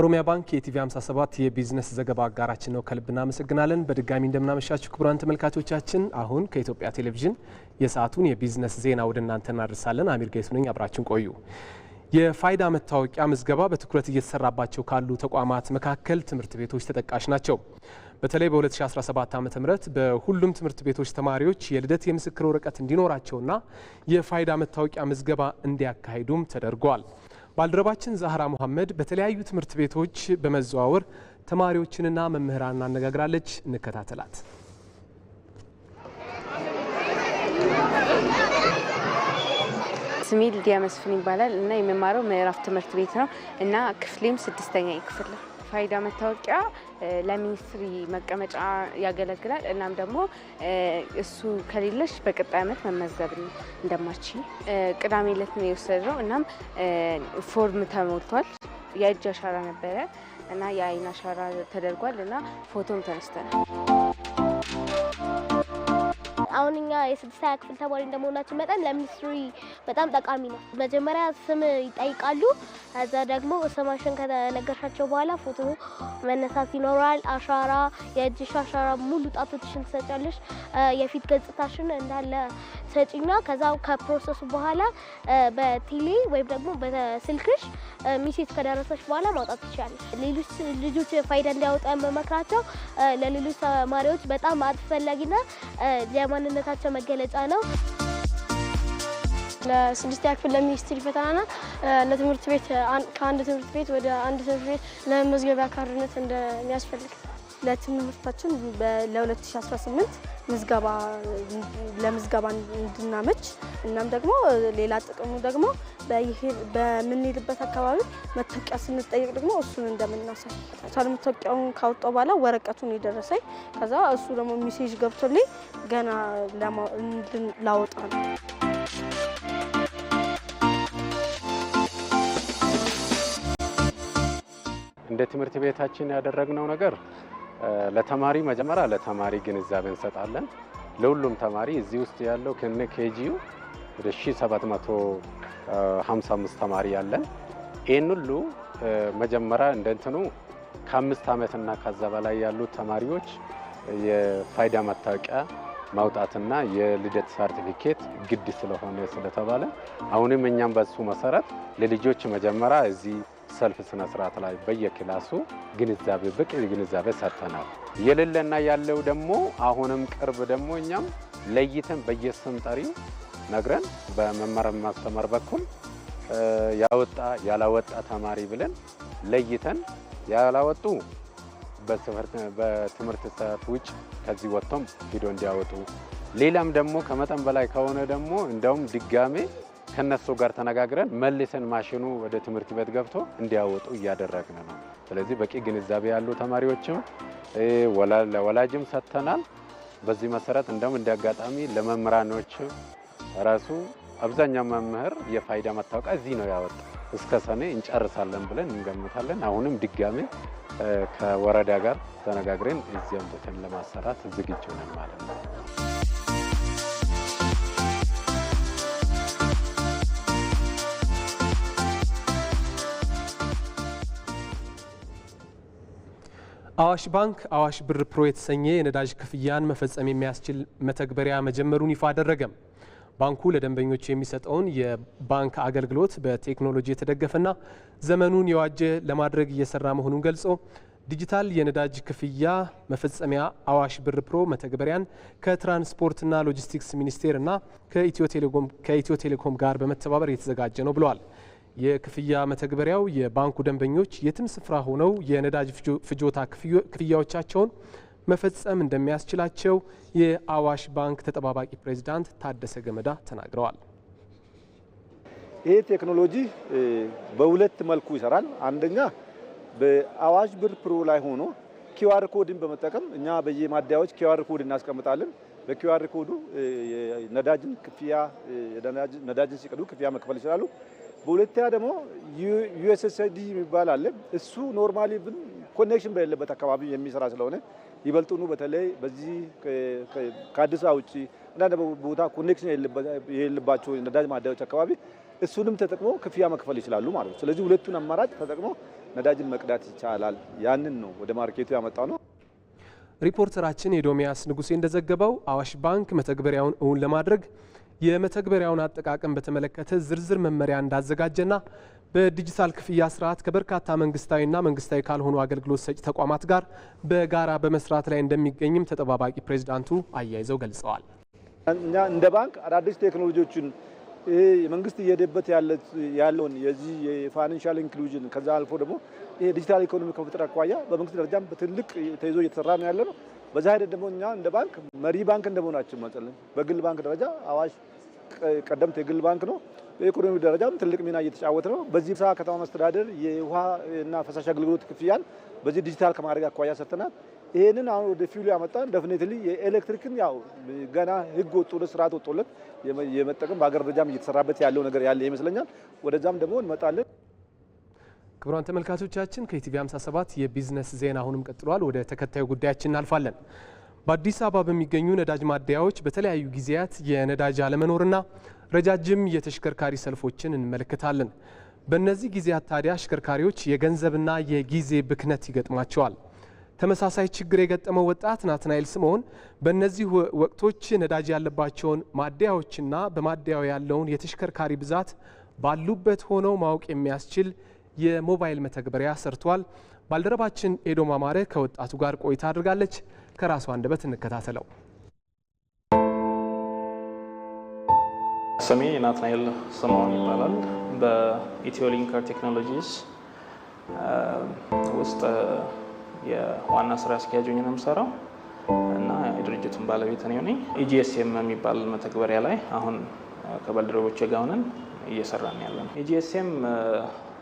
ኦሮሚያ ባንክ የቲቪ 57 የቢዝነስ ዘገባ አጋራችን ነው። ከልብ እናመሰግናለን። በድጋሚ እንደምናመሻችሁ ክቡራን ተመልካቾቻችን፣ አሁን ከኢትዮጵያ ቴሌቪዥን የሰዓቱን የቢዝነስ ዜና ወደ እናንተ እናደርሳለን። አሚር ጌሱ ነኝ፣ አብራችን ቆዩ። የፋይዳ መታወቂያ ምዝገባ በትኩረት እየተሰራባቸው ካሉ ተቋማት መካከል ትምህርት ቤቶች ተጠቃሽ ናቸው። በተለይ በ2017 ዓ ም በሁሉም ትምህርት ቤቶች ተማሪዎች የልደት የምስክር ወረቀት እንዲኖራቸውና የፋይዳ መታወቂያ ምዝገባ እንዲያካሂዱም ተደርጓል። ባልደረባችን ዛህራ መሐመድ በተለያዩ ትምህርት ቤቶች በመዘዋወር ተማሪዎችንና መምህራን አነጋግራለች። እንከታተላት። ስሜ ሊዲያ መስፍን ይባላል እና የምማረው ምዕራፍ ትምህርት ቤት ነው እና ክፍሌም ስድስተኛ ክፍል ነው። የፋይዳ መታወቂያ ለሚኒስትሪ መቀመጫ ያገለግላል። እናም ደግሞ እሱ ከሌለሽ በቀጣይ ዓመት መመዝገብ እንደማች ቅዳሜ ዕለት ነው የወሰደው። እናም ፎርም ተሞልቷል። የእጅ አሻራ ነበረ እና የአይን አሻራ ተደርጓል እና ፎቶም ተነስተናል። አሁን እኛ የስድስተኛ ክፍል ተማሪ እንደመሆናችን መጠን ለሚኒስትሪ በጣም ጠቃሚ ነው። መጀመሪያ ስም ይጠይቃሉ። ከዛ ደግሞ ስምሽን ከነገርሻቸው በኋላ ፎቶ መነሳት ይኖራል። አሻራ፣ የእጅሽ አሻራ ሙሉ ጣቶችሽን ትሰጫለሽ። የፊት ገጽታሽን እንዳለ ሰጪና ከዛ ከፕሮሰሱ በኋላ በቴሌ ወይም ደግሞ በስልክሽ ሚሴት ከደረሰች በኋላ ማውጣት ትችላለች። ሌሎች ልጆች ፋይዳ እንዲያወጣ የምመክራቸው ለሌሎች ተማሪዎች በጣም አስፈላጊና የማንነታቸው መገለጫ ነው። ለስድስተኛ ክፍል ለሚኒስትሪ ፈተናና ለትምህርት ቤት ከአንድ ትምህርት ቤት ወደ አንድ ትምህርት ቤት ለመመዝገቢያ ካርድነት እንደሚያስፈልግ ለትምህርታችን ለ2018 ምዝገባ ለምዝገባ እንድናመች እናም ደግሞ ሌላ ጥቅሙ ደግሞ በምንሄድበት አካባቢ መታወቂያ ስንጠይቅ ደግሞ እሱን እንደምናሳይ ቻል መታወቂያውን ካወጣ በኋላ ወረቀቱን የደረሰኝ ከዛ እሱ ደግሞ ሚሴጅ ገብቶልኝ ገና ላወጣ ነው። እንደ ትምህርት ቤታችን ያደረግነው ነገር ለተማሪ መጀመሪያ ለተማሪ ግንዛቤ እንሰጣለን። ለሁሉም ተማሪ እዚህ ውስጥ ያለው ከነ ኬጂው ወደ 1755 ተማሪ ያለን ይህን ሁሉ መጀመሪያ እንደንትኑ ከአምስት ዓመትና ከዛ በላይ ያሉት ተማሪዎች የፋይዳ መታወቂያ ማውጣትና የልደት ሰርቲፊኬት ግድ ስለሆነ ስለተባለ አሁንም እኛም በሱ መሰረት ለልጆች መጀመሪያ እዚህ ሰልፍ ስነ ስርዓት ላይ በየክላሱ ግንዛቤ በቂ ግንዛቤ ሰጥተናል። የሌለና ያለው ደግሞ አሁንም ቅርብ ደግሞ እኛም ለይተን በየስም ጠሪ ነግረን በመማር ማስተማር በኩል ያወጣ ያላወጣ ተማሪ ብለን ለይተን ያላወጡ በትምህርት ሰዓት ውጭ ከዚህ ወጥቶም ሂዶ እንዲያወጡ ሌላም ደግሞ ከመጠን በላይ ከሆነ ደግሞ እንደውም ድጋሜ ከነሱ ጋር ተነጋግረን መልሰን ማሽኑ ወደ ትምህርት ቤት ገብቶ እንዲያወጡ እያደረግን ነው። ስለዚህ በቂ ግንዛቤ ያሉ ተማሪዎችም ለወላጅም ሰጥተናል። በዚህ መሰረት እንደውም እንደ አጋጣሚ ለመምህራኖች ራሱ አብዛኛው መምህር የፋይዳ መታወቂያ እዚህ ነው ያወጣ። እስከ ሰኔ እንጨርሳለን ብለን እንገምታለን። አሁንም ድጋሜ ከወረዳ ጋር ተነጋግረን እዚያም አምጥተን ለማሰራት ዝግጁ ነን ማለት ነው። አዋሽ ባንክ አዋሽ ብር ፕሮ የተሰኘ የነዳጅ ክፍያን መፈጸም የሚያስችል መተግበሪያ መጀመሩን ይፋ አደረገ። ባንኩ ለደንበኞች የሚሰጠውን የባንክ አገልግሎት በቴክኖሎጂ የተደገፈና ዘመኑን የዋጀ ለማድረግ እየሰራ መሆኑን ገልጾ ዲጂታል የነዳጅ ክፍያ መፈጸሚያ አዋሽ ብር ፕሮ መተግበሪያን ከትራንስፖርትና ሎጂስቲክስ ሚኒስቴር እና ከኢትዮ ቴሌኮም ጋር በመተባበር የተዘጋጀ ነው ብለዋል። የክፍያ መተግበሪያው የባንኩ ደንበኞች የትም ስፍራ ሆነው የነዳጅ ፍጆታ ክፍያዎቻቸውን መፈጸም እንደሚያስችላቸው የአዋሽ ባንክ ተጠባባቂ ፕሬዚዳንት ታደሰ ገመዳ ተናግረዋል። ይህ ቴክኖሎጂ በሁለት መልኩ ይሰራል። አንደኛ በአዋሽ ብር ፕሮ ላይ ሆኖ ኪዋር ኮድን በመጠቀም እኛ በየማደያዎች ኪዋር ኮድ እናስቀምጣለን። በኪዋር ኮዱ ነዳጅን ክፍያ ነዳጅን ሲቀዱ ክፍያ መክፈል ይችላሉ። በሁለተኛ ደግሞ ዩኤስኤስዲ የሚባል አለ። እሱ ኖርማሊ ግን ኮኔክሽን በሌለበት አካባቢ የሚሰራ ስለሆነ ይበልጡኑ በተለይ በዚህ ከአዲስ አበባ ውጭ እና ቦታ ኮኔክሽን የሌለባቸው ነዳጅ ማደያዎች አካባቢ እሱንም ተጠቅሞ ክፍያ መክፈል ይችላሉ ማለት ነው። ስለዚህ ሁለቱን አማራጭ ተጠቅሞ ነዳጅን መቅዳት ይቻላል። ያንን ነው ወደ ማርኬቱ ያመጣ ነው። ሪፖርተራችን የዶሚያስ ንጉሴ እንደዘገበው አዋሽ ባንክ መተግበሪያውን እውን ለማድረግ የመተግበሪያውን አጠቃቀም በተመለከተ ዝርዝር መመሪያ እንዳዘጋጀና በዲጂታል ክፍያ ስርዓት ከበርካታ መንግስታዊና መንግስታዊ ካልሆኑ አገልግሎት ሰጪ ተቋማት ጋር በጋራ በመስራት ላይ እንደሚገኝም ተጠባባቂ ፕሬዚዳንቱ አያይዘው ገልጸዋል። እኛ እንደ ባንክ አዳዲስ ቴክኖሎጂዎችን ይሄ መንግስት እየሄደበት ያለውን የዚህ የፋይናንሻል ኢንክሉዥን ከዛ አልፎ ደግሞ የዲጂታል ኢኮኖሚ ከመፍጠር አኳያ በመንግስት ደረጃም በትልቅ ተይዞ እየተሰራ ነው ያለ ነው። በዛ ሂደት ደግሞ እኛ እንደ ባንክ መሪ ባንክ እንደመሆናችን መጠን በግል ባንክ ደረጃ አዋሽ ቀደምት የግል ባንክ ነው። በኢኮኖሚ ደረጃም ትልቅ ሚና እየተጫወተ ነው። በዚህ ብሳ ከተማ መስተዳደር የውሃ እና ፈሳሽ አገልግሎት ክፍያን በዚህ ዲጂታል ከማድረግ አኳያ ሰርተናል። ይህንን አሁን ወደ ፊሉ ያመጣን ደፍኔትሊ የኤሌክትሪክን ያው ገና ህግ ወጥቶለት ስርዓት ወጥቶለት የመጠቀም በሀገር ደረጃም እየተሰራበት ያለው ነገር ያለ ይመስለኛል። ወደዛም ደግሞ እንመጣለን። ክቡራን ተመልካቾቻችን ከኢቲቪ 57 የቢዝነስ ዜና አሁንም ቀጥሏል። ወደ ተከታዩ ጉዳያችን እናልፋለን። በአዲስ አበባ በሚገኙ ነዳጅ ማደያዎች በተለያዩ ጊዜያት የነዳጅ አለመኖርና ረጃጅም የተሽከርካሪ ሰልፎችን እንመለከታለን። በእነዚህ ጊዜያት ታዲያ አሽከርካሪዎች የገንዘብና የጊዜ ብክነት ይገጥማቸዋል። ተመሳሳይ ችግር የገጠመው ወጣት ናትናኤል ስምዖን በእነዚህ ወቅቶች ነዳጅ ያለባቸውን ማደያዎችና በማደያው ያለውን የተሽከርካሪ ብዛት ባሉበት ሆነው ማወቅ የሚያስችል የሞባይል መተግበሪያ ሰርቷል። ባልደረባችን ኤዶም አማረ ከወጣቱ ጋር ቆይታ አድርጋለች። ከራሱ አንደበት እንከታተለው። ስሜ ናትናኤል ስምዖን ይባላል። በኢትዮ ሊንከር ቴክኖሎጂስ ውስጥ የዋና ስራ አስኪያጅ ነው የምሰራው እና የድርጅቱን ባለቤት ነው ነኝ። ኢጂኤስኤም የሚባል መተግበሪያ ላይ አሁን ከባልደረቦች ጋር ሆነን እየሰራን ያለን ኢጂኤስኤም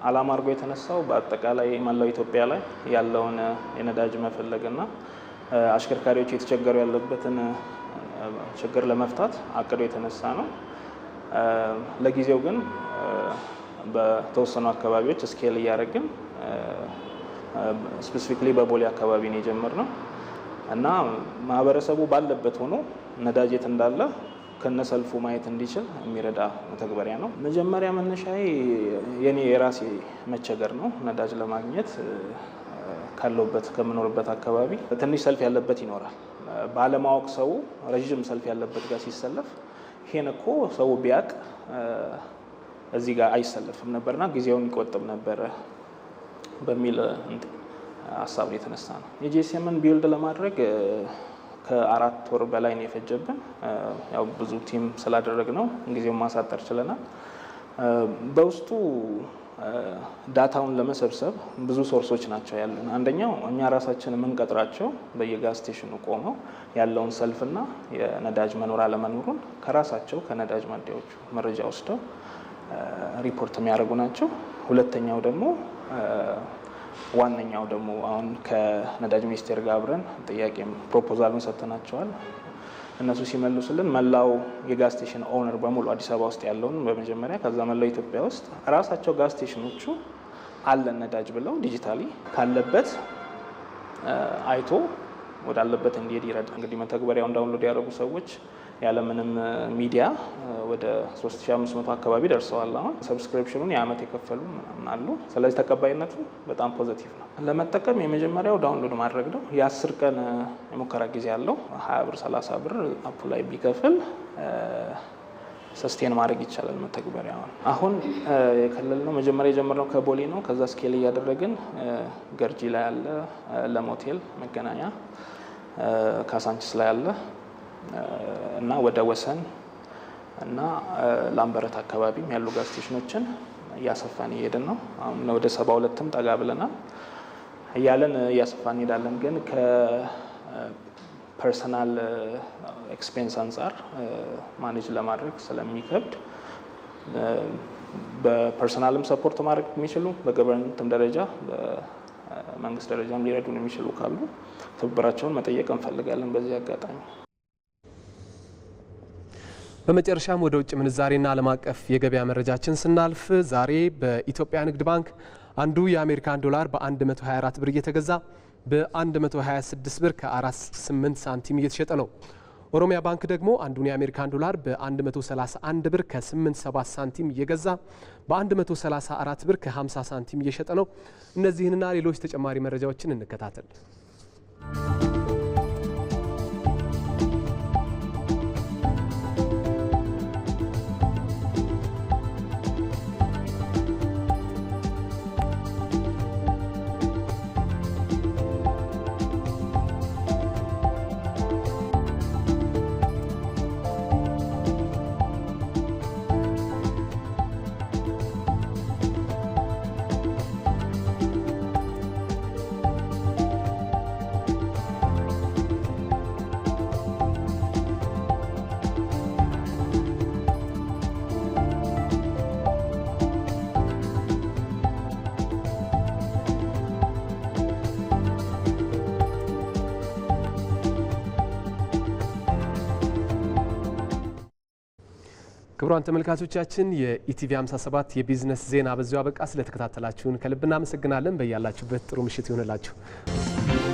አላማ አድርጎ የተነሳው በአጠቃላይ መላው ኢትዮጵያ ላይ ያለውን የነዳጅ መፈለግና አሽከርካሪዎች የተቸገሩ ያለበትን ችግር ለመፍታት አቅዶ የተነሳ ነው። ለጊዜው ግን በተወሰኑ አካባቢዎች ስኬል እያደረግን ስፔሲፊክሊ በቦሌ አካባቢ ነው የጀመርነው እና ማህበረሰቡ ባለበት ሆኖ ነዳጅ የት እንዳለ ከነሰልፉ ማየት እንዲችል የሚረዳ መተግበሪያ ነው። መጀመሪያ መነሻዬ የኔ የራሴ መቸገር ነው። ነዳጅ ለማግኘት ካለውበት ከምኖርበት አካባቢ ትንሽ ሰልፍ ያለበት ይኖራል። ባለማወቅ ሰው ረዥም ሰልፍ ያለበት ጋር ሲሰለፍ ይሄን እኮ ሰው ቢያቅ እዚህ ጋር አይሰለፍም ነበርና ጊዜውን ይቆጥብ ነበረ በሚል ሀሳብ የተነሳ ነው የጄሲምን ቢውልድ ለማድረግ ከአራት ወር በላይ ነው የፈጀብን። ያው ብዙ ቲም ስላደረግ ነው ጊዜውን ማሳጠር ችለናል። በውስጡ ዳታውን ለመሰብሰብ ብዙ ሶርሶች ናቸው ያሉን። አንደኛው እኛ ራሳችን የምንቀጥራቸው በየጋዝ ስቴሽኑ ቆመው ያለውን ሰልፍና የነዳጅ መኖር አለመኖሩን ከራሳቸው ከነዳጅ ማደያዎቹ መረጃ ወስደው ሪፖርት የሚያደርጉ ናቸው። ሁለተኛው ደግሞ ዋነኛው ደግሞ አሁን ከነዳጅ ሚኒስቴር ጋር አብረን ጥያቄም ፕሮፖዛሉን ሰጥተናቸዋል። እነሱ ሲመልሱልን መላው የጋዝ ስቴሽን ኦነር በሙሉ አዲስ አበባ ውስጥ ያለውን በመጀመሪያ ከዛ መላው ኢትዮጵያ ውስጥ ራሳቸው ጋዝ ስቴሽኖቹ አለን ነዳጅ ብለው ዲጂታሊ ካለበት አይቶ ወዳለበት እንዲሄድ ይረዳ። እንግዲህ መተግበሪያውን ዳውንሎድ ያደረጉ ሰዎች ያለምንም ሚዲያ ወደ 3500 አካባቢ ደርሰዋል። አሁን ሰብስክሪፕሽኑን የአመት የከፈሉ ምናምን አሉ። ስለዚህ ተቀባይነቱ በጣም ፖዘቲቭ ነው። ለመጠቀም የመጀመሪያው ዳውንሎድ ማድረግ ነው። የአስር ቀን የሙከራ ጊዜ አለው። 20 ብር 30 ብር አፕ ላይ ቢከፍል ሰስቴን ማድረግ ይቻላል። መተግበሪያውን አሁን የከለል ነው መጀመሪያ የጀመርነው ከቦሌ ነው። ከዛ ስኬል እያደረግን ገርጂ ላይ ያለ፣ ለሞቴል መገናኛ፣ ካሳንችስ ላይ ያለ እና ወደ ወሰን እና ላምበረት አካባቢም ያሉ ጋዝ ስቴሽኖችን እያሰፋን እየሄድን ነው። አሁን ወደ ሰባ ሁለትም ጠጋ ብለናል እያለን እያሰፋን እንሄዳለን። ግን ከፐርሰናል ኤክስፔንስ አንጻር ማኔጅ ለማድረግ ስለሚከብድ በፐርሰናልም ሰፖርት ማድረግ የሚችሉ በገቨርንትም ደረጃ በመንግስት ደረጃም ሊረዱን የሚችሉ ካሉ ትብብራቸውን መጠየቅ እንፈልጋለን በዚህ አጋጣሚ በመጨረሻም ወደ ውጭ ምንዛሬና ዓለም አቀፍ የገበያ መረጃችን ስናልፍ ዛሬ በኢትዮጵያ ንግድ ባንክ አንዱ የአሜሪካን ዶላር በ124 ብር እየተገዛ በ126 ብር ከ48 ሳንቲም እየተሸጠ ነው። ኦሮሚያ ባንክ ደግሞ አንዱን የአሜሪካን ዶላር በ131 ብር ከ87 ሳንቲም እየገዛ በ134 ብር ከ50 ሳንቲም እየሸጠ ነው። እነዚህንና ሌሎች ተጨማሪ መረጃዎችን እንከታተል። ክቡራን ተመልካቾቻችን የኢቲቪ 57 የቢዝነስ ዜና በዚሁ አበቃ። ስለተከታተላችሁን ከልብ እናመሰግናለን። በያላችሁበት ጥሩ ምሽት ይሆንላችሁ።